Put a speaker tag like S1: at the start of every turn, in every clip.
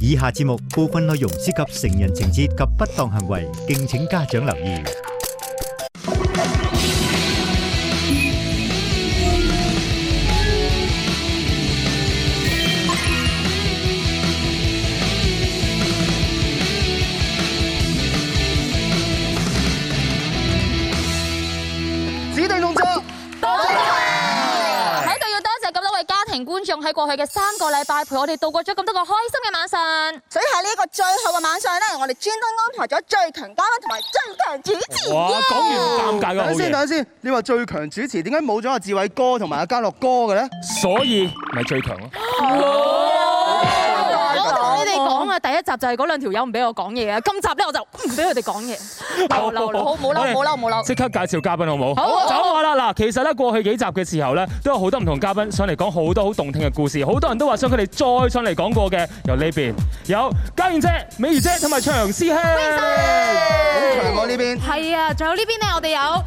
S1: 以下節目部分內容涉及成人情節及不當行為，敬請家長留意。
S2: 喺過去嘅三個禮拜，陪我哋度過咗咁多個開心嘅晚上。所以喺呢個最後嘅晚上咧，我哋專登安排咗最強嘉賓同埋最，最強主持。哇！講完好尷尬嘅，等下先，等先。你話最強主持點解冇咗阿志偉哥同埋阿嘉
S3: 樂哥嘅咧？所以咪最強咯。講啊！第一集就係嗰兩條友唔俾我講嘢啊！今集咧我就唔俾佢哋講嘢。冇冇冇，冇冇冇，冇冇。即刻介紹嘉賓好唔好？好走我啦嗱！其實咧過去幾集嘅時候咧，都有好多唔同嘉賓上嚟講好多好動聽嘅故事，好多人都話想佢哋再上嚟講過嘅。由呢邊有家燕姐、美儀姐同埋祥師
S2: 兄。好，祥哥呢邊。係啊，仲有呢邊咧？我哋有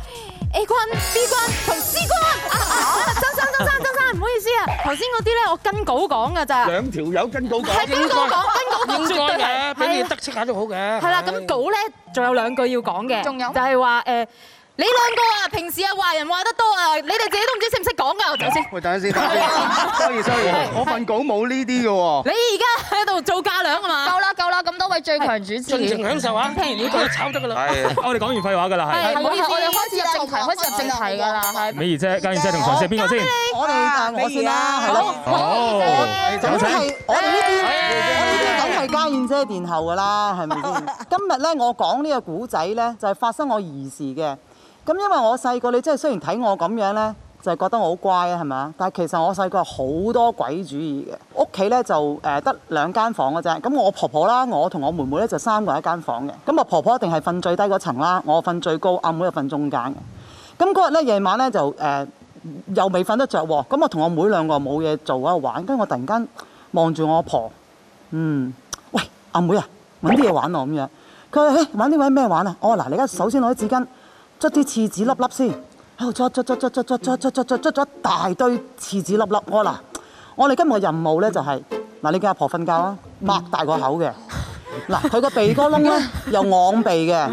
S2: A 君、B 君同 C 君。啊啊！曾生、曾生、曾生，唔好意思啊，頭先嗰啲咧我跟稿講㗎咋。兩
S4: 條友跟稿講。係跟稿講。應該嘅，俾你是得
S3: 戚睇都好嘅。係啦，咁稿咧，仲有兩句要講嘅，仲有
S4: 就係
S2: 話誒。呃你兩個啊，平時啊話人話得多啊，你哋自己都唔知識唔識講㗎。我走先。喂，等陣先，嘉怡，嘉怡，我份稿冇呢啲嘅喎。你而家喺度做家倆啊嘛？夠啦夠啦，咁多位最強主持，盡情享受吓！聽完呢
S1: 講
S3: 就炒得㗎啦。我哋講完廢話㗎啦，係。唔好意思，
S2: 我哋開始入正題，開始入正題㗎啦，係。美
S3: 儀姐、家燕姐同上司，邊個先？
S2: 我哋我先啦，係咯。好，
S3: 走請。
S2: 我哋呢邊，我哋呢邊梗係家燕姐殿後㗎啦，係咪先？今日咧，我講呢個古仔咧，就係發生我兒時嘅。咁因為我細個，你真係雖然睇我咁樣咧，就覺得我好乖啊，係咪？但係其實我細個好多鬼主意嘅。屋企咧，就誒得、呃、兩間房嘅啫。咁我婆婆啦，我同我妹妹咧就三個一間房嘅。咁我婆婆一定係瞓最低嗰層啦，我瞓最高，阿、啊、妹就瞓中間嘅。咁嗰日咧夜晚咧就誒、呃、又未瞓得着喎。咁我同我妹兩個冇嘢做喺度玩，跟住我突然間望住我阿婆，嗯，喂阿、啊、妹啊，揾啲嘢玩咯咁樣。佢話誒揾啲位咩玩啊？哦，嗱你而家首先攞啲紙巾。捽啲廁紙粒粒先，喺度捽捽捽捽捽捽捽捽捽捽咗一大堆廁紙粒粒。我嗱，我哋今日嘅任務咧就係、是，嗱你嘅阿婆瞓覺啊，擘大個口嘅。嗱佢個鼻哥窿咧又昂鼻嘅，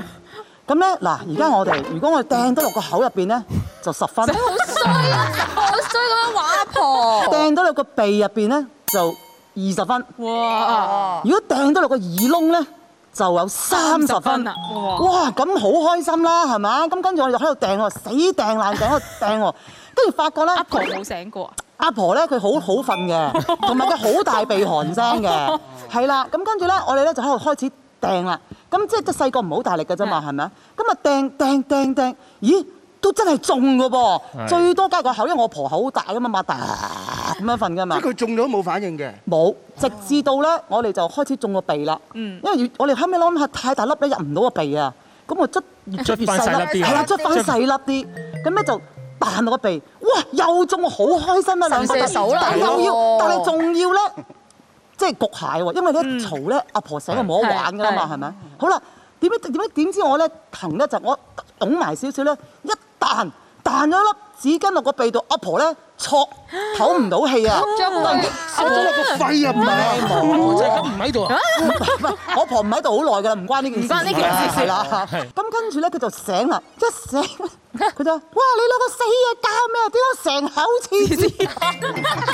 S2: 咁咧嗱而家我哋如果我哋掟得落個口入邊咧就十分，好衰啊，
S5: 好衰咁樣話阿婆。
S2: 掟到落個鼻入邊咧就二十分，哇！如果掟到落個耳窿咧？就有三十分啦，哇！咁好開心啦，係咪啊？跟住我哋喺度掟喎，死掟爛掟喺度掟喎，跟住發覺咧，阿婆冇醒過！阿婆咧佢好好瞓嘅，同埋佢好大鼻鼾聲嘅，係啦。咁跟住咧，我哋咧就喺度開始掟啦。咁即係細個唔好大力嘅啫嘛，係咪啊？咁啊掟掟掟掟，咦？都真係中㗎噃，最多加個口，因為我婆口大啊嘛，擘大咁樣瞓㗎嘛。即係佢中咗冇反應嘅。冇，直至到咧，我哋就開始中個鼻啦。嗯。因為越我哋後尾諗下，太大粒咧，入唔到個鼻啊，咁我捽越捽越細啦，係啦，捽翻細粒啲，咁咧就扮落個鼻，哇又中，好開心啊！神射手嚟嘅喎。但係又要，但係仲要咧，即係焗蟹喎，因為你一嘈咧，阿婆醒就冇得玩㗎啦嘛，係咪？好啦，點解點解點知我咧疼咧就我揞埋少少咧一。彈咗粒紙巾落個鼻度，阿婆咧，挫唞唔到氣啊！吸咗落個肺啊，唔係啊，唔喺度啊，唔係，我婆唔喺度好耐噶啦，唔關呢件事，唔關呢件事，啦。咁跟住咧，佢就醒啦，一醒佢就，哇！你攞個死嘢搞咩？點解成口黐屎？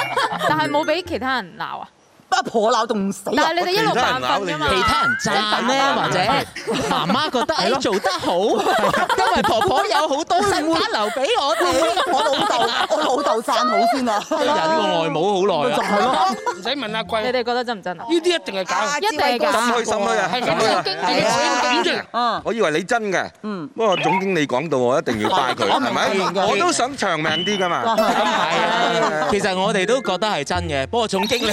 S2: 但係冇俾其他人鬧啊。阿婆鬧凍唔死，但
S3: 係你哋一路賺分，其他人賺咧，或者媽媽覺得做得好，
S5: 因為婆婆
S3: 有好多積分留俾我哋，
S2: 我老豆，我老豆賺
S3: 好先啊！忍我外
S4: 母好耐啦，係咯，唔使問阿貴。你
S3: 哋覺得真唔真啊？
S4: 呢啲一定係假，
S3: 一定係假，唔開心啦！
S5: 係咪啊？
S6: 我以為你真嘅，不過總經理講到我一定要拜佢，係咪？我都
S3: 想長命啲㗎嘛。咁係啊，其實我哋都覺得係真嘅，不過總經理。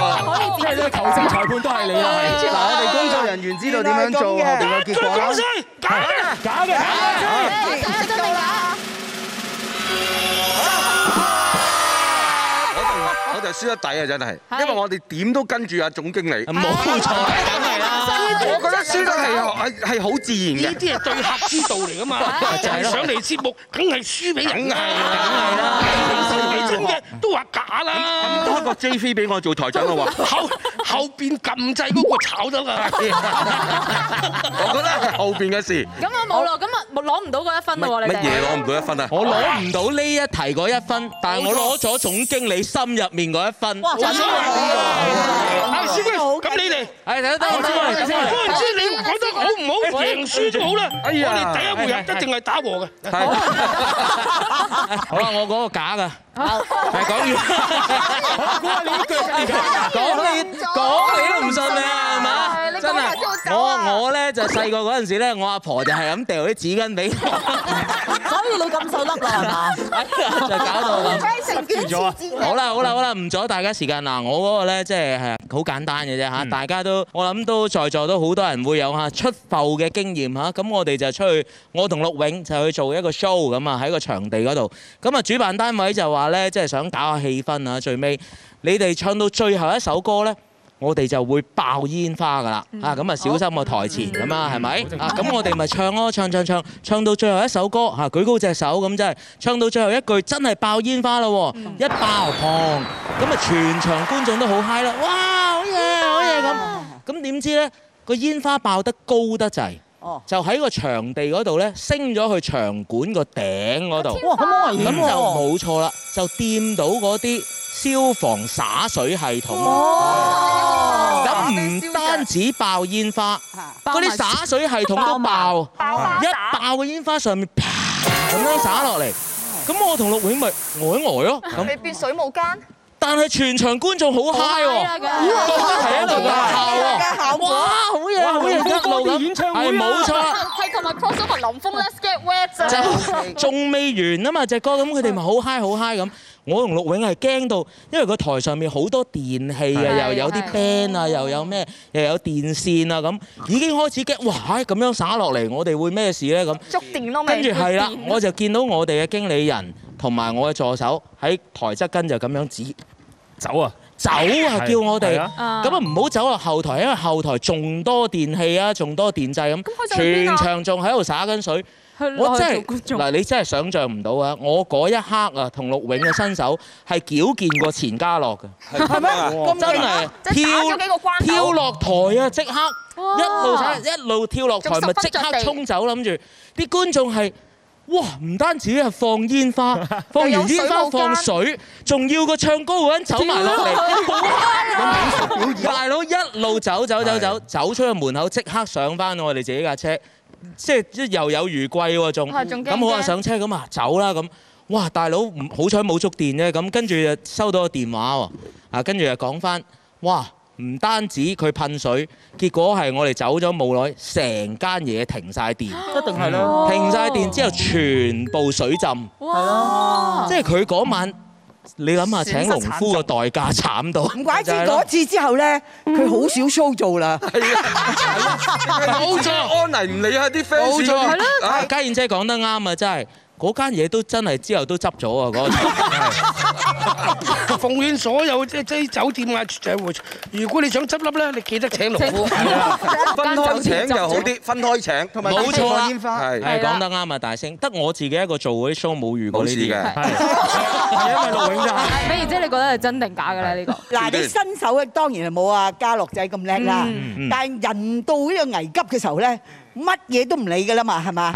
S4: 頭先裁判都係你啦。嗱，我哋工作人員知
S6: 道點樣做後邊嘅結果啦，假嘅，假
S5: 嘅，假嘅，假嘅都嚟啦，
S6: 我哋我哋輸得底啊真係，因為我哋點都跟住阿總經理冇錯。
S4: 我覺得輸得係係
S6: 係好自然嘅，呢啲係
S4: 對客之道嚟噶嘛，想嚟節目梗係輸俾人嘅，係啊，真嘅都話假啦，多個
S6: J 菲俾我做台長啦喎，
S4: 後後邊撳掣嗰個炒得啦，
S3: 我覺得係後邊嘅事。咁我冇咯，咁啊攞唔到嗰一分咯喎，你哋乜嘢攞唔到一分啊？我攞唔到呢一題嗰一分，但係我攞咗總經理心入面嗰一分。
S5: 哇！真
S4: 係，咁你哋，係得得。嗰陣時你覺得好唔好贏輸都好啦，我哋第一回合一定係打和嘅。
S3: 好啊，我講個假㗎，係講完，我估下你講你都唔信啊，係嘛？我，我呢，就，細個嗰陣時呢，我阿婆就係，咁掉啲紙巾俾。
S2: 所以你咁瘦粒，嘍。就搞到。嘅，就搞到。好啦，好啦，好啦，
S3: 唔阻大家時間啦，我嗰個呢，即係，好簡單嘅啫，大家都，我諗都，在座都好多人會有，出埠嘅經驗，咁我哋就出去，我同陸永就去做一個我哋就會爆煙花㗎啦，嗯、啊咁啊小心個台前咁啊，係咪？啊咁我哋咪唱咯，唱唱唱，唱，唱到最後一首歌，啊舉高隻手咁真係，就唱到最後一句真係爆煙花啦喎！嗯、一爆砰，咁啊全場觀眾都好 high 啦，哇！好嘢，好嘢咁，咁點知呢個煙花爆得高得滯，哦、就喺個場地嗰度呢，升咗去場館個頂嗰度，咁就冇錯啦，就掂到嗰啲消防灑水系統。
S5: 哇唔單止
S3: 爆煙花，嗰啲灑水系統都爆，一爆個煙花上面啪咁樣灑落嚟，咁我同陸永咪呆一呆咯。咁你
S7: 變水舞間？
S3: 但係全場觀眾好 high，喎，喺度大笑，哇，好嘢，好勁啊！演唱會啊，係冇錯，
S2: 係同埋 cross over 林峰，let's get wet，就
S3: 仲未完啊嘛，隻歌咁佢哋咪好 high 好 high 咁。我同陸永係驚到，因為個台上面好多電器啊，的又有啲 band 啊的，又有咩，又有電線啊，咁已經開始驚。哇！咁樣灑落嚟，我哋會咩事呢？咁，
S7: 跟住係啦，電我就
S3: 見到我哋嘅經理人同埋我嘅助手喺台側跟就咁樣指走啊，走啊，的叫我哋咁啊，唔好走啊後台，因為後台仲多電器多電啊，仲多電掣咁，全場仲喺度灑緊水。我真係嗱，你真係想像唔到啊！我嗰一刻啊，同陸永嘅身手係矯健過錢嘉樂嘅，係咪？真係，即係打咗幾個筋斗，
S7: 跳落
S3: 台啊！即刻一路走，一路跳落台，咪即刻衝走啦！諗住啲觀眾係哇，唔單止係放煙花，放完煙花放水，仲要個唱歌嗰人走埋落嚟，大佬一路走走走走走出個門口，即刻上返我哋自己架車。即係猶有餘悸喎、啊，仲咁好啊，上車咁啊，走啦咁，哇大佬唔好彩冇觸電啫，咁跟住就收到個電話喎，啊跟住又講返，哇唔單止佢噴水，結果係我哋走咗冇耐，成間嘢停晒電、
S2: 啊，一定係啦、嗯，停晒
S3: 電之後全部水浸，
S5: 係咯哇，即係佢
S3: 嗰晚。你諗下請農夫嘅代價慘到，唔怪之嗰是次之後咧，佢好少 show 做啦 冇 們錯，安妮唔理，理錯啊啲 fans 係咯。家燕姐講得啱啊，真係。嗰間嘢
S4: 都真係之後都執咗啊！嗰奉勸所有即係即係啲酒店啊，住戶，如果你想執笠咧，你記得請農夫，分開請
S6: 就好啲，
S3: 分開請，同埋冇錯啊，家燕，係講得啱啊，大聲，得我自己一個做嗰啲 show 冇遇過呢啲嘅，
S7: 係因為陸永就係。比如即係你覺得係真定假㗎咧？呢個嗱，你新手當然係冇啊嘉樂仔咁叻啦，但係人到呢個危急嘅時候咧。乜嘢都唔理嘅啦嘛，係嘛？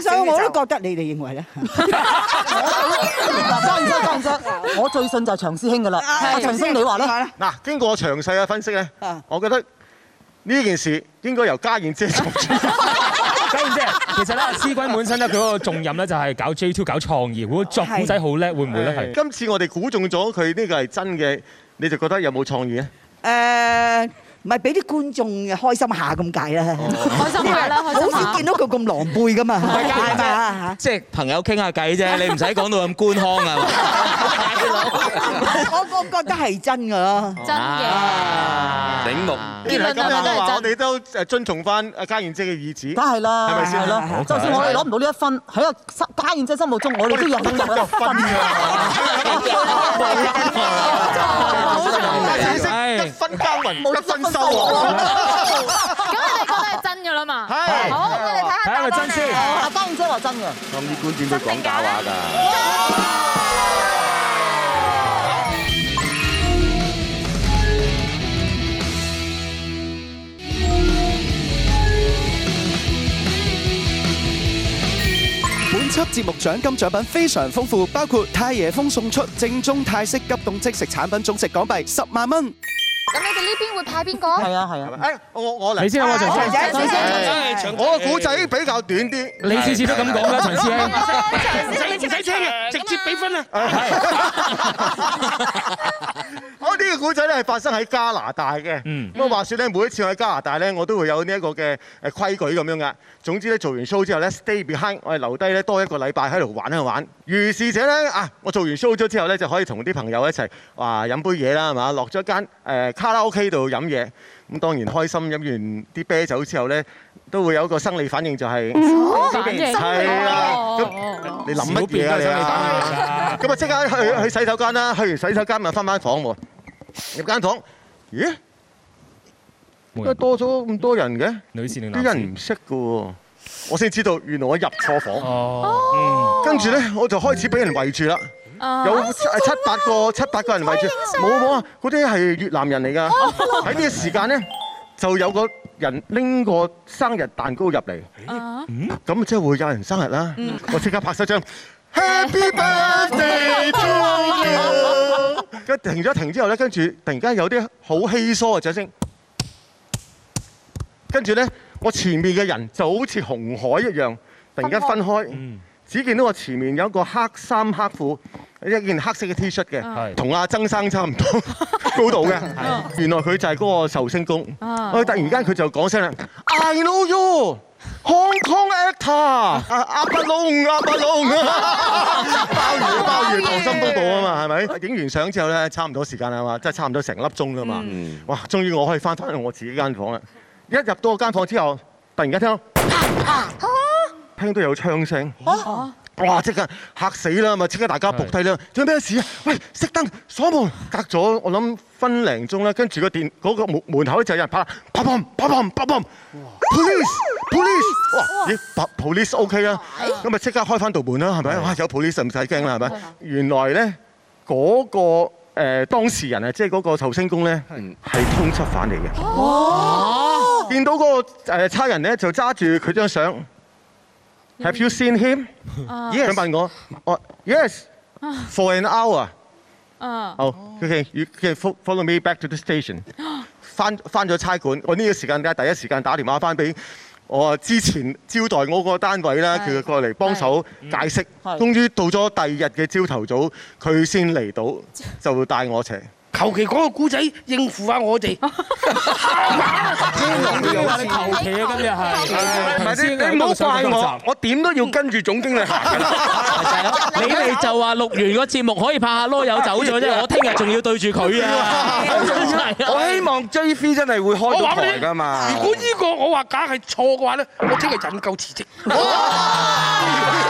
S7: 所以我都覺得你哋認為咧。我最信就係祥師兄嘅啦。祥師兄，你話
S5: 咧？
S1: 嗱，經過我詳細嘅分析咧，我覺得呢件事應該由家燕姐做主。家燕姐，其實咧，C 君本身咧，佢嗰個重任咧就係搞 J2 搞創意，會作古仔好叻，會唔會咧？係。今次我哋估中咗佢呢個係真嘅，你就覺得有冇創意咧？
S7: 誒。唔係俾啲觀眾開心下咁解啦，開心下啦，好似見到佢咁狼狽噶嘛，係嘛嚇？即係
S1: 朋友傾下偈啫，你唔使講到咁官腔啊！我
S7: 我覺得係真噶咯，
S1: 真嘅。醒目結婚啊嘛，我哋都誒遵從翻阿家燕姐嘅意思。梗係啦，係咪先？就算我哋攞
S2: 唔到呢一分，喺阿家家燕姐心目中，我哋都贏咗一分啊！分交雲冇得分收喎，咁你嗰個係真嘅啦嘛？係，好，我哋睇下睇下佢真先。阿周唔知話真啊，咁啲觀點都講假話㗎。本輯節目獎金獎品非常豐富，包括太爺風送出正宗泰式急凍即食產品總值港幣十萬蚊。咁你哋呢邊會派邊個？係啊係啊，誒、啊哎，我我嚟，先啊，我陳志，
S4: 我嘅古仔
S1: 比較短啲。是是是，你次次都咁講噶，陳志，唔使聽，唔使聽嘅，
S4: 直接俾分
S1: 啊。我呢個古仔咧係發生喺加拿大嘅。咁啊，話說咧，每一次我喺加拿大咧，我都會有呢一個嘅誒規矩咁樣噶。總之咧，做完 show 之後咧，stay behind，我哋留低咧多一個禮拜喺度玩一玩。如是者咧，啊，我做完 show 咗之後咧，就可以同啲朋友一齊話飲杯嘢啦，係嘛，落咗一間誒。呃卡拉 OK 度飲嘢，咁當然開心。飲完啲啤酒之後咧，都會有一個生理反應就係、係，係啊，
S5: 你諗乜嘢啊你啊？咁
S1: 啊即刻去去洗手間啦，去完洗手間咪翻返房喎。入間房，咦？點解多咗咁多人嘅？女士啲人唔識嘅喎，我先知道原來我入錯房。哦，跟住咧我就開始俾人圍住啦。有七八個七八個人圍住，冇冇啊？嗰啲係越南人嚟㗎。喺呢、oh, hello. 個時間咧，就有個人拎個生日蛋糕入嚟。嗯、uh，咁、huh. 即係會有人生日啦。Uh huh. 我即刻拍曬張。
S5: Happy birthday to you！
S1: 停咗停之後咧，跟住突然間有啲好稀疏嘅掌聲，跟住咧，我前面嘅人就好似紅海一樣，突然間分開。Uh huh. 只見到我前面有一個黑衫黑褲，一件黑色嘅 T 恤嘅，同阿曾生差唔多高度嘅。原來佢就係嗰個壽星公。啊突然間佢就講聲啦，I know you，Hong Kong actor，
S5: 阿伯龍，阿伯龍，鮑
S1: 魚，鮑魚，溏心風暴啊嘛，係咪？影完相之後咧，差唔多時間啊嘛，即係差唔多成粒鐘㗎嘛。哇，終於我可以翻返去我自己間房啦。一入到間房之後，突然間聽到。聽到有槍聲，哇！即刻嚇死啦，咪即刻大家仆低啦，做咩事啊？喂，熄燈、鎖門、隔咗。我諗分零鐘啦，跟住個電個門門口就有人拍，啪砰啪砰啪砰，Police Police！哇，咦 Police OK 啦，咁咪即刻開翻道門啦，係咪？哇，有 Police 唔使驚啦，係咪？原來咧嗰個誒當事人啊，即係嗰個壽星公咧，係通緝犯嚟嘅。哦，見到嗰個差人咧，就揸住佢張相。Have you seen him？咦、uh,？想問、uh, 我？Yes，for an hour。OK follow me back to the station。翻翻咗差館，我呢個時間咧，第一時間打電話翻俾我之前招待我個單位啦，叫佢過嚟幫手解釋。終於到咗第二日嘅朝頭早，佢先嚟到，就會帶我斜。求其講個
S4: 故仔應付下、啊、我哋，真龍又黐線，求其今日係，唔係先？手手你唔好怪我，手手我點都要跟住總經理行 。
S3: 你哋就話錄完個節目可以拍下囉柚 走咗啫， 我聽日仲要對住佢啊！
S4: 我希望 JF 真係會開到台㗎嘛。如果呢個我話假係錯嘅話咧，我聽日引咎辭職。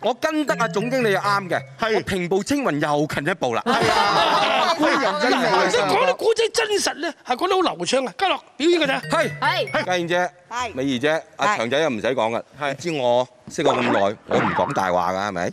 S6: 我跟得阿總經理又啱嘅，係平步青雲又近一步啦。
S4: 真講得古仔真實咧，係講得好流暢嘅。嘉樂表演嘅啫，係係家燕姐，係
S6: 美儀姐，阿祥仔又唔使講嘅。係知我識我咁耐，我唔講大話㗎，係咪？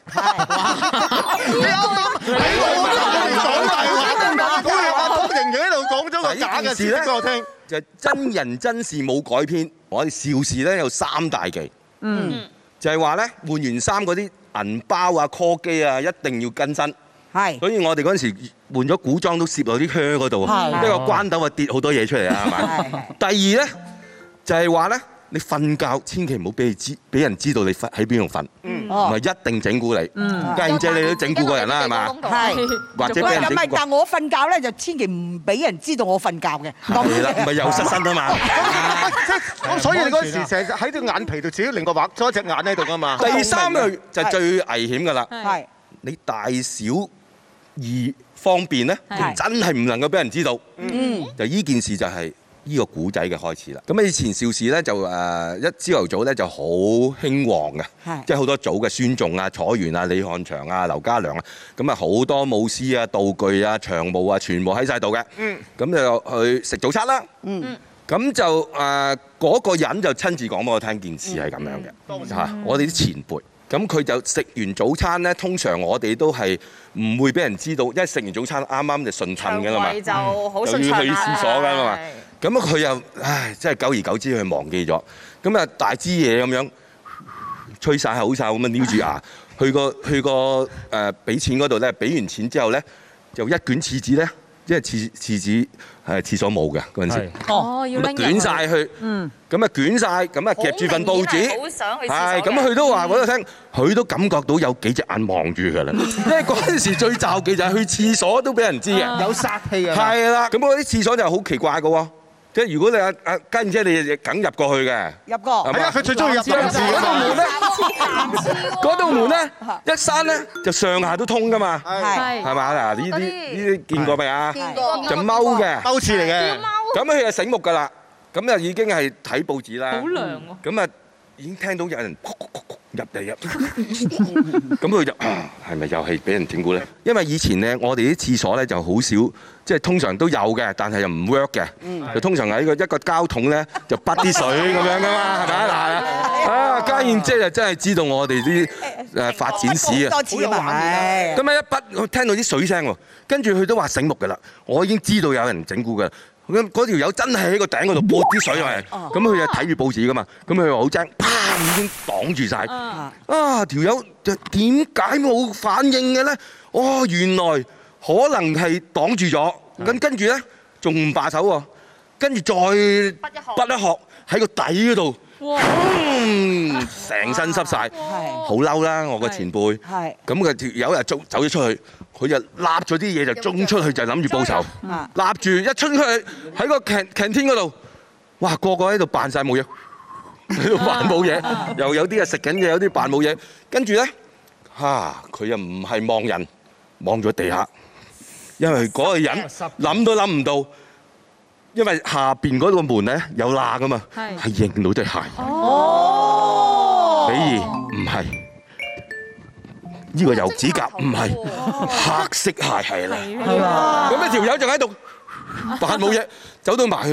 S1: 你又點？你我講大話，阿康營仲喺度講咗個假嘅事情俾我聽。
S6: 就真人真事冇改編，我哋邵氏咧有三大技。嗯。就係話咧，換完衫嗰啲銀包啊、柯基啊，一定要更新。是所以我哋嗰陣時候換咗古裝都攝落啲靴嗰度， 一個關鬥啊跌好多嘢出嚟啊嘛。第二呢，就係話咧。你瞓覺千祈唔好俾佢知，俾人知道你瞓喺邊度瞓，唔係一定整蠱你。靚仔你都整蠱過人啦，係嘛？係，或者係唔係？但我
S7: 瞓覺咧，就千祈唔俾人知道我瞓覺嘅。
S1: 唔係又失身啊嘛？
S7: 咁所以嗰時成日喺隻眼皮度，自
S1: 己另個畫多一隻眼喺度啊嘛。第三樣就最危險㗎啦。係。你大
S6: 小而方便咧，真係唔能夠俾人知道。嗯。就依件事就係。呢個古仔嘅開始啦。咁啊，以前邵氏呢，就誒一朝頭早呢就好興旺嘅，即係好多組嘅孫仲啊、楚元啊、李漢祥啊、劉家良啊，咁啊好多武師啊、道具啊、場務啊，全部喺晒度嘅。咁就去食早餐啦。咁就誒嗰個人就親自講俾我聽，件事係咁樣嘅。嚇，我哋啲前輩。咁佢就食完早餐呢，通常我哋都係唔會俾人知道，因為食完早餐啱啱就順襯嘅啦嘛。場就
S5: 好順要去廁所㗎嘛。
S6: 咁佢又唉，真係久而久之佢忘記咗。咁啊，大支嘢咁樣吹晒口哨，咁樣撩住牙去個去個誒俾錢嗰度咧，俾完錢之後咧，就一卷廁紙咧，即係廁廁紙係廁所冇嘅嗰陣時，哦，要
S5: 拎人，捲晒
S6: 去，咁啊捲晒，咁啊、嗯、夾住份報紙，好想去廁所，係咁，佢、嗯嗯、都話俾我聽，佢都感覺到有幾隻眼望住佢啦。因為嗰陣時最咒忌就係去廁所都俾人知嘅，有殺氣啊，係啦了，咁嗰啲廁所就好奇怪嘅喎。即係如果你阿阿家燕姐你你梗入過去嘅，
S7: 入過，係咪啊？佢最中意入廁嗰道門咧，嗰
S6: 道門咧一閂咧就上下都通噶嘛，係係，係嘛嗱，呢啲呢啲見過未啊？見過，就踎嘅，踎廁嚟嘅，咁啊佢就醒目㗎啦，咁啊已經係睇報紙啦，好涼喎，咁啊已經聽到有人。入定入，咁佢入，係咪又係俾人整蠱咧？因為以前咧，我哋啲廁所咧就好少，即係通常都有嘅，但係又唔 work 嘅。嗯，就通常喺個一個膠 桶咧，就潑啲水咁樣噶嘛，係咪啊？啊，家燕姐就真係知道我哋啲誒發展史啊， 好多次啊嘛。咁咪一潑，我聽到啲水聲喎，跟住佢都話醒目噶啦，我已經知道有人整蠱噶啦。咁嗰條友真係喺個頂嗰度潑啲水落嚟，咁佢就睇住報紙噶嘛，咁佢話好正，啪已經擋住晒，啊條友點解冇反應嘅咧？哦，原來可能係擋住咗，咁跟住咧仲唔罷手喎，跟住再不一殼喺個底嗰度。哇！成身濕曬，好嬲啦！我個前輩，咁個條友又走走咗出去，佢就揦咗啲嘢就衝出去，就諗住報仇。揦住一衝出去，喺個 canteen 嗰度，哇！個個喺度扮曬冇嘢，喺度扮冇嘢，又有啲啊食緊嘢，有啲扮冇嘢。跟住咧，哈！佢又唔係望人，望咗地下，因為嗰個人諗都諗唔到。因為下邊嗰個門咧，有爛啊嘛，係是認到對鞋。哦、oh.，比如唔係呢個油指甲，唔係、oh. 黑色鞋係啦。咁呢條友就喺度扮冇嘢，走 到埋去，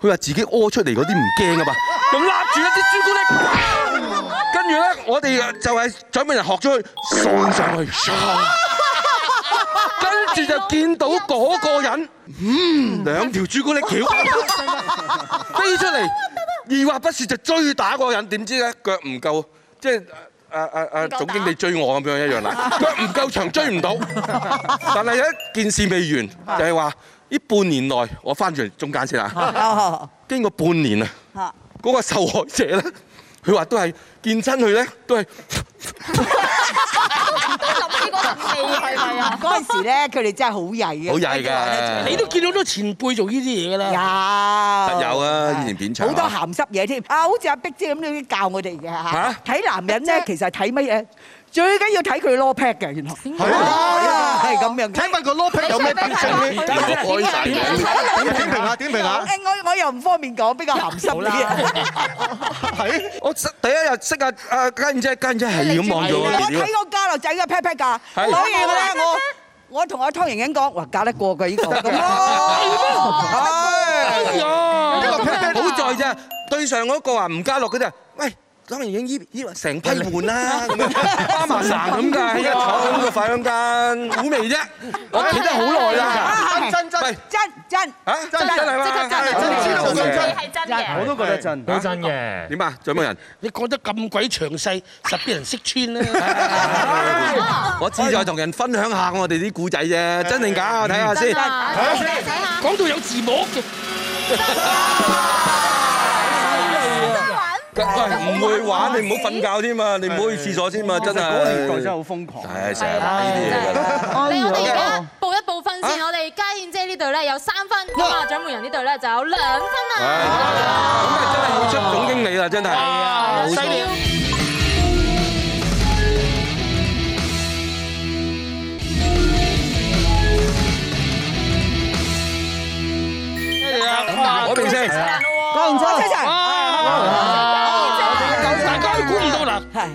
S6: 佢話自己屙出嚟嗰啲唔驚啊嘛，
S4: 咁攬住一啲朱古力，
S6: 跟住咧我哋就係準備人學咗去送上去。 跟住就見到嗰個人，嗯，兩條朱古力橋飛出嚟，二話不說就追打嗰個人，點知咧腳唔夠，即係誒誒誒總經理追我咁樣一樣啦，腳唔夠長追唔到。但係有一件事未完，就係話呢半年內我翻轉中間先啊。經過半年啊，嗰個受害者咧，佢話都係見親佢咧，都係。唔
S7: 到十幾嗰陣係咪啊？嗰陣時咧，佢哋真係好曳嘅，好曳㗎！你都見到好多前輩做呢啲嘢㗎啦，有，有啊！
S6: 對以前片場好多鹹
S7: 濕嘢添，啊，好似阿碧姐咁咧教我哋嘅嚇。睇麼男人咧，麼其實睇乜嘢？最緊要睇佢 pack 嘅，原來係啊，係咁樣。聽聞個 pack 有咩品性？有咩愛仔？點評下？點評下？誒，我我又唔方便講，比較含蓄啲。係，我識第一
S6: 日識阿阿家燕姐，家燕姐係咁望住我！我睇個
S7: 家樂仔嘅 pack 㗎，所以咧我我同阿湯盈盈講話嫁得過㗎依個。係啊，好在咋對上嗰個啊，吳家樂嗰陣，喂。講完
S6: 已經依依成批換啦，巴馬什咁㗎，依家炒好個化妝間，
S4: 好味啫，我企得好耐啦，真真真
S7: 真啊，真真係嘛，真
S4: 真真
S6: 真，知道真係真
S4: 嘅，我都覺得真，
S6: 都真嘅。點啊？仲有冇人？
S4: 你講得咁鬼詳細，十啲人識穿啦。
S6: 我只係同人分享下我哋啲古仔啫，真定假？睇下先，睇下先，
S4: 講到有字幕嘅。
S6: 唔會玩，你唔好瞓覺添嘛，你唔好去廁所添嘛，真係嗰年代真係好瘋狂。成日，呢啲嘢。我哋而
S2: 家，報一部分先。我哋家燕姐呢度咧有三分，咁呀！掌門人呢度咧就有兩分啊！咁咪真係好出總
S4: 經理啦，真係。係啊，好笑。咩
S5: 嚟啊？我明先。講真。
S4: 係，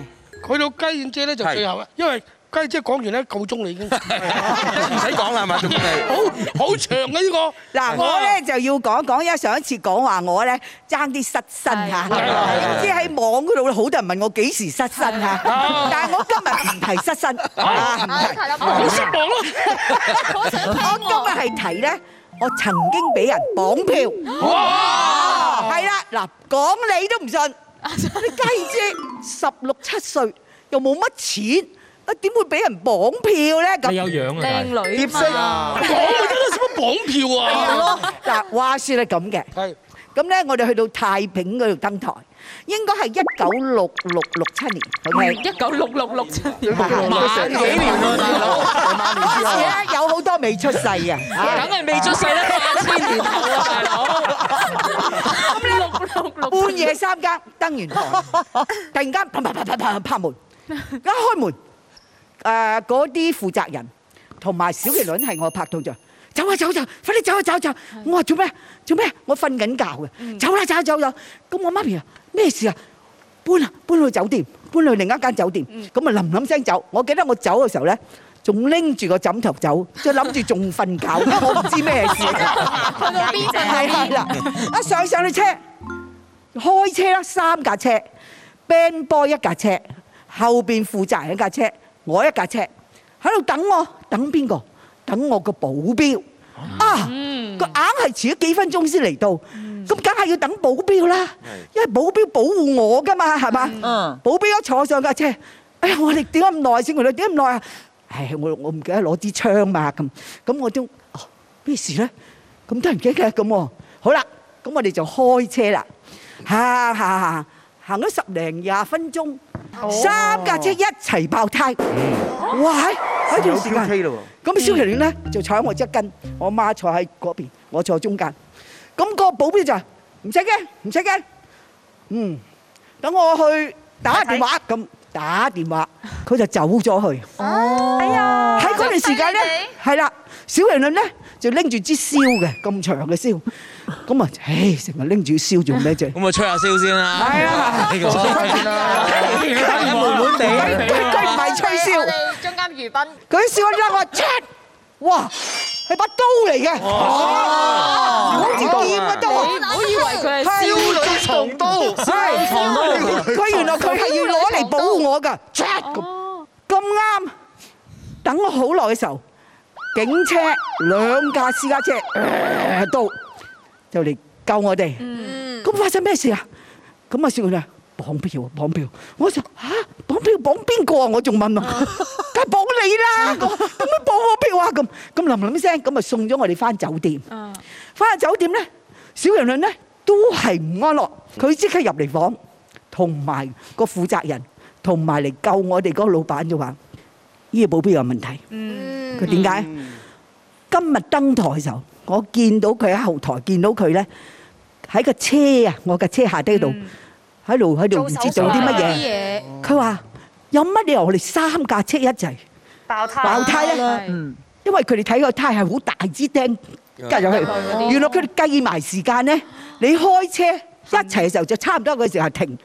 S4: 佢到家燕姐咧就最後啦，因為家燕姐講完咧夠鐘啦已經，唔使講啦係嘛，仲講咩？
S7: 好好長嘅呢個。嗱，我咧就要講講，因為上一次講話我咧爭啲失身嚇，點知喺網嗰度咧好多人問我幾時失身啊，但係我今日唔提失身，好失望，講咯。我今日係提咧，我曾經俾人綁票，係啦，嗱，講你都唔信。啲家燕姐十六七歲，又冇乜錢，啊點會俾人綁票咧？咁你有樣㗎，靚女嘛？講緊啲乜綁票啊？嗱，話說係咁嘅。係。咁咧，我哋去到太平嗰度登台，應該係一九六六六七年。係一九六六六七。幾年啦，大佬？有好多未出世嘅，梗係未出世啦，八千年後啊，大佬！
S5: 半夜三
S7: 更登完堂，突然間啪啪啪啪啪拍門，一開門！誒嗰啲負責人同埋小麒麟係我拍到就走啊走走，快啲走啊走走！我話做咩做咩？我瞓緊覺嘅，走啦走啦走走！咁我媽咪啊咩事啊搬啊搬去酒店，搬去另一間酒店，咁啊冧冧聲走。我記得我走嘅時候咧，仲拎住個枕頭走，即係諗住仲瞓覺，我唔知咩事。去到 B 站係啦，一上上咗車。開車啦，三架車，Band Boy 一架車，後邊負責人一架車，我一架車喺度等我等邊個？等我個保鏢啊！個硬係遲咗幾分鐘先嚟到，咁梗係要等保鏢啦，因為保鏢保護我㗎嘛，係嘛？保鏢一坐上架車，哎呀，我哋點解咁耐先？我哋點解咁耐啊？哎我我唔記得攞支槍嘛咁咁，我都哦咩事咧？咁多人驚嘅咁喎，好啦，咁我哋就開車啦。行行行行，行咗十零廿分鐘，三架車一齊爆胎。哇！喺喺段時間，咁小麒麟咧就坐喺我側近，我媽坐喺嗰邊，我坐中間。咁個保鏢就唔使驚，唔使驚。嗯，等我去打電話，咁打電話，佢就走咗去。哦，喺嗰段時間咧，係啦，小麒麟咧就拎住支簫嘅，咁長嘅簫。咁啊，唉，成日拎住簫做咩啫？咁
S3: 啊，吹下簫先啦。係啊，呢個吹下先啦。悶悶地，佢唔係吹簫。中間
S7: 魚粉。佢啲笑我，你等我，check。哇，係把刀嚟嘅。哦。魚公子劍嘅刀，唔好以為佢係簫。刀，刀，刀。佢原來佢係要攞嚟保護我㗎。check。哦。咁啱，等我好耐嘅時候，警車兩架私家車，刀。就嚟救我哋，
S5: 咁發生咩事
S7: 啊？咁啊，小麒麟啊，綁票，綁票！我話嚇，綁票綁邊個啊？我仲問問，梗係綁你啦！咁樣綁我票啊？咁咁冧冧聲，咁啊送咗我哋翻酒店。翻酒店咧，小麒麟咧都係唔安樂，佢即刻入嚟房，同埋個負責人，同埋嚟救我哋嗰個老闆就話：呢個保鏢有問題。佢點解？今日登台就。我見到佢喺後台，見到佢咧喺個車啊，我嘅車下低度喺度喺度唔知做啲乜嘢。佢話：有乜理由我哋三架車一齊
S2: 爆胎呢？
S7: 因為佢哋睇個胎係好大支釘，繼續去。原來佢哋計埋時間咧，你開車一齊嘅時候就差唔多嗰時候停。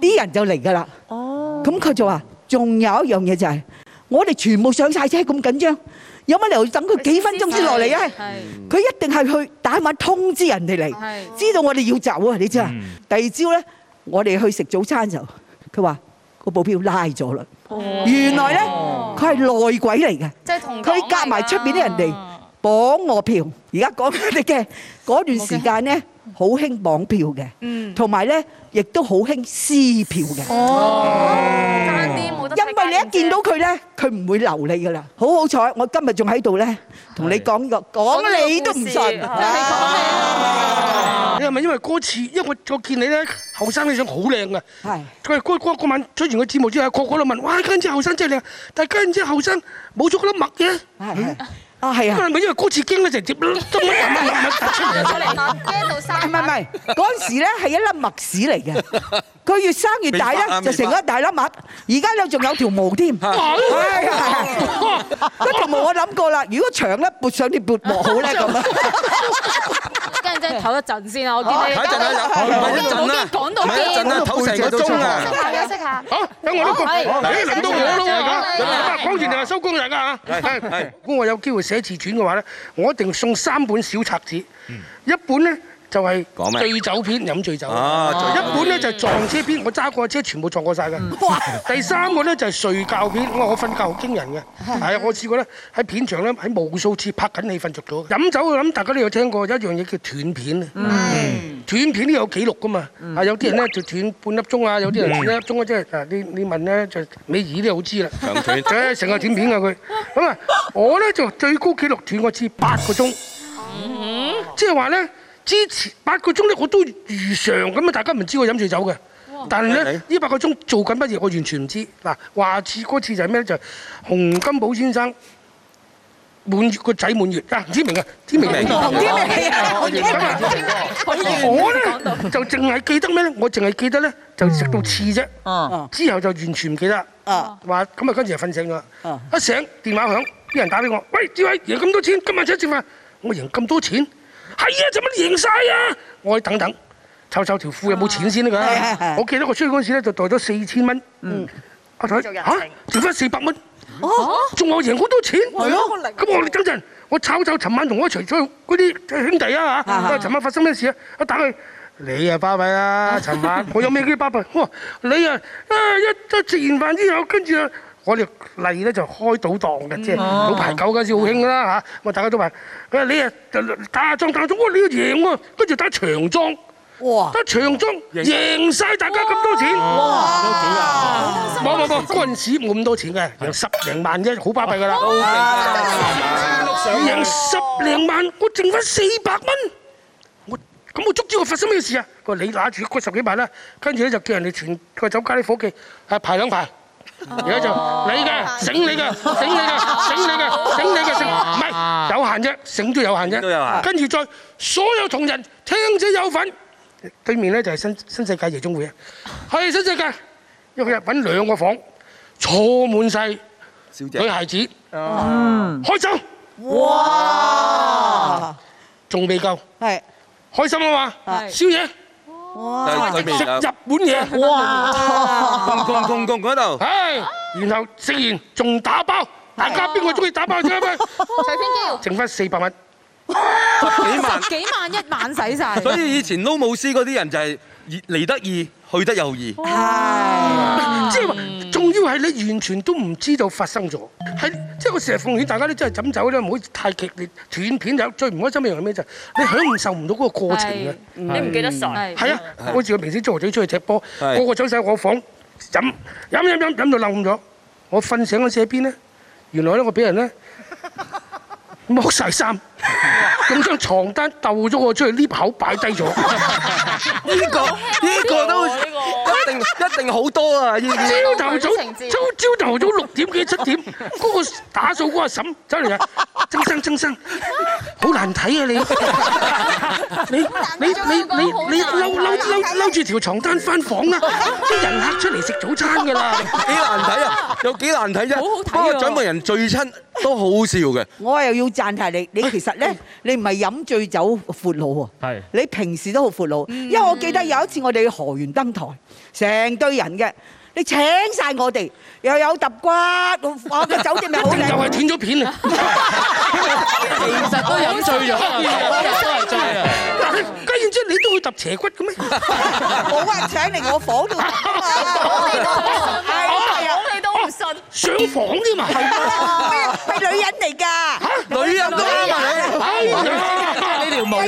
S7: 啲人就嚟㗎啦。
S5: 咁佢就話：
S7: 仲有一樣嘢就係……我哋全部上曬車咁緊張，有乜理由等佢幾分鐘先落嚟啊？佢一定係去打晚通知人哋嚟，知道我哋要走啊！你知啊？第二朝咧，我哋去食早餐時候，佢話個保票拉咗啦。
S5: 原來咧，
S7: 佢係內鬼嚟嘅，
S5: 佢夾埋出邊啲人哋
S7: 綁我票。而家講緊嘅嗰段時間咧。好興綁票嘅，同埋咧亦都好興撕票嘅。哦，爭啲冇得。因為你一見到佢咧，佢唔會留你噶啦。好好彩，我今日仲喺度咧，同你講呢個，講你都唔信。
S5: 係講
S4: 你啊！你係咪因為嗰次？因為我見你咧，後生張相好靚啊！係。佢嗰嗰晚出完個節目之後，個個都問：哇，跟住後生真係靚，但係跟住後生冇咗粒墨啫。係啊。啊，係啊，咪因為嗰次經咧直接，唔係唔係唔係，出嚟攞，孭到山。
S7: 唔係唔係，嗰陣時咧係一粒癦屎嚟嘅，佢越生越大咧，就成咗大粒癦。而家咧仲有條毛添，係係係。嗰條毛我諗過啦，如果長咧撥上啲撥毛好咧咁。
S2: 即係唞一陣先啦。我見你唞一陣啊，唔係一陣啦，唞成個鐘啊！息下息下，你而家個係幾零度啊？你而家係咁？當前就係收工人㗎嚇。
S4: 係係，如果我有機會寫自傳嘅話咧，我一定送三本小冊子，一本咧，就係醉酒片，飲醉酒、啊、一本咧就撞車片，我揸過車全部撞過晒嘅。哇 第三個咧就係睡覺片，我瞓覺好驚人嘅。係， 我試過咧喺片場咧喺無數次拍緊戲瞓着咗。飲酒我諗大家都有聽過一樣嘢叫斷片啊！嗯，斷片呢有記錄噶嘛？啊，有啲人咧就斷半粒鐘啊，有啲人斷一粒鐘啊，即係嗱你你問咧就美儀都好知啦。斷片，成個斷片噶佢。咁啊，我咧就最高記錄斷過次八個鐘，嗯、即係話咧。之前八個鐘咧，我都如常咁啊！大家唔知我飲醉酒嘅，但係咧，呢八個鐘做緊乜嘢，我完全唔知。嗱，話次嗰次就係咩，就係洪金寶先生滿月，個仔滿月啊！天明啊，天明明，我咧就淨係記得咩咧？我淨係記得咧就食到刺啫，之後就完全唔記得。話咁啊，嗰陣時就瞓醒咗，一醒電話響，啲人打俾我，喂，志偉贏咁多錢，今晚請食飯。我贏咁多錢。係啊，做乜贏晒啊？我等等，炒炒條褲有冇錢先得㗎、啊。 我記得我出去嗰陣時咧，就袋咗四千蚊。嗯，阿仔嚇，剩翻四百蚊。哦，仲我贏好多錢。係啊，咁、嗯、我哋等陣，我炒炒尋晚同我一齊出嗰啲兄弟啊嚇。啊尋、啊、晚發生咩事啊？我打佢： 我我「你啊，巴閉啊，尋晚我有咩叫巴閉？你啊啊一一食完飯之後，跟住啊。我哋例咧就開賭檔嘅，即係老牌九嗰陣時好興啦大家都話大：，你啊打下莊打下莊你要贏喎。跟住打長莊，打長莊贏曬大家咁多錢。冇冇冇，嗰陣時冇咁多錢嘅，贏十零萬啫，好巴閉㗎啦。贏十零萬，我剩翻四百蚊。我咁我捉住我發生咩事啊？你拿住個十幾萬啦，跟住咧就叫人哋全個酒家啲伙計排兩排。而家就你嘅，醒你嘅，醒你嘅，醒你嘅，醒你嘅，醒唔係有限啫，醒咗有限啫。都有啊。跟住再，所有同仁聽者有份。對面咧就係新新世界夜中匯夜總會啊，係新世界，一日揾兩個房，坐滿曬女孩子，嗯，開心。哇是！仲未夠。係。開心啊嘛。係。宵夜。
S5: 哇！食日
S4: 本嘢，哇！窮窮窮窮嗰度，係，然後食完仲打包，大家邊個中意打包？四百蚊，
S2: 洗偏激，剩翻四百蚊，幾萬？幾萬一晚使晒。所以
S6: 以前魯姆斯嗰啲人就係嚟得易，去得又易。
S4: 係。即係話。因為你完全都唔知道發生咗，係即係我成日奉勸大家都真係飲酒咧，唔好太激烈。斷片有最唔開心嘅樣係咩？就係你享受唔到嗰個過程嘅，你唔記得晒。係啊，好似我平時早朝早出去踢波，個個走晒我房飲飲飲飲飲到冧咗，我瞓醒咗喺邊咧？原來咧我俾人咧剝晒衫，咁張床單兜咗我出去，呢口擺低咗。
S5: 呢個呢個都。
S4: 一定好多啊！朝頭早，朝朝頭早六點幾七點，嗰個打掃嗰個嬸走嚟啊！曾生曾生，好難睇啊！你你你你你你摟摟摟摟住條床單翻房啦！啲人客出嚟食早餐噶啦，幾難睇啊！有幾難睇啫！俾個長輩人最親。都
S6: 好
S7: 笑嘅，我又要讚提你，你其實咧，你唔係飲醉酒闊佬喎，你平時都好闊佬，因為我記得有一次我哋河源登台，成堆人嘅，你請曬我哋，又有揼骨，我個酒店咪好靚，又係斷咗片啊！其實都飲醉咗啊！都係醉啊！咁然之後，你都去揼斜骨嘅咩？冇啊！請嚟我房度。
S2: 上房添 啊，係嘛？係女
S7: 人嚟㗎，嚇，女人都啱埋你。冇啊！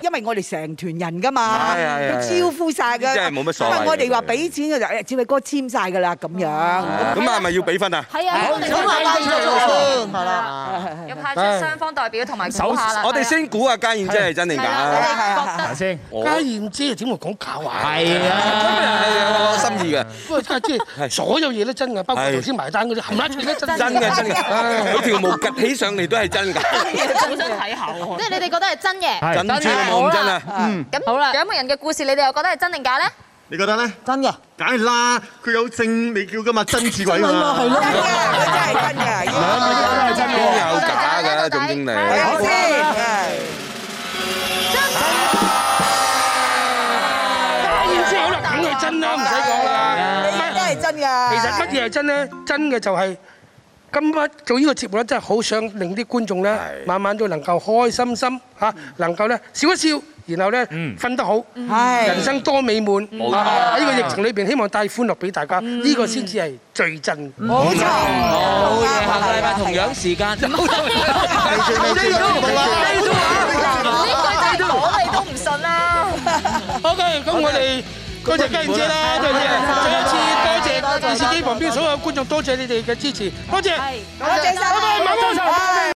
S7: 因為我哋成團人噶嘛，招呼晒噶，因為我哋話俾錢嘅時候，志偉哥簽晒噶啦咁樣。咁啊，係咪
S6: 要俾分啊？
S2: 係啊！好，咁啊，包場啦！派出雙方代表同埋手我哋
S6: 先估啊，嘉燕姐係真定假啊？先，嘉
S4: 燕姐點會講假話？係啊，
S6: 有心意嘅。不
S4: 過即係所有嘢都真嘅，包括頭先埋單嗰啲，含一寸都真嘅，真嘅，真嘅。佢條毛
S1: 趷起上嚟都係真㗎。你想睇
S4: 下即係你哋。
S2: 你覺得係真嘅？緊
S1: 張冇咁真啦。嗯，
S2: 咁好啦。兩個人嘅故事，你哋又覺得係真定假咧？
S1: 你覺得咧？真噶，梗係啦，佢有證嚟叫噶嘛，真似鬼嘛。係咯，
S2: 係咯，真係真
S6: 嘅。兩
S1: 個人都係真，有假㗎，總經理。係咪先？真㗎。當然之梗係真啦，
S4: 唔
S7: 使講
S4: 啦。你唔係真嘅。其實乜嘢係真咧？真嘅就係。今日做呢個節目咧，真係好想令啲觀眾咧，晚晚都能夠開心心嚇，能夠咧笑一笑，然後咧瞓得好，人生多美滿。喺呢個疫情裏邊，希望帶歡樂俾大家，呢個先至係最真。冇錯，好嘅，下個禮拜同
S3: 樣時
S2: 間。呢句話我哋都唔信啦。OK，咁我哋多謝家燕姐啦，多謝每一次。電視機旁邊所
S4: 有觀眾，多謝你哋嘅支持，多
S2: 謝，多謝晒，拜拜。多謝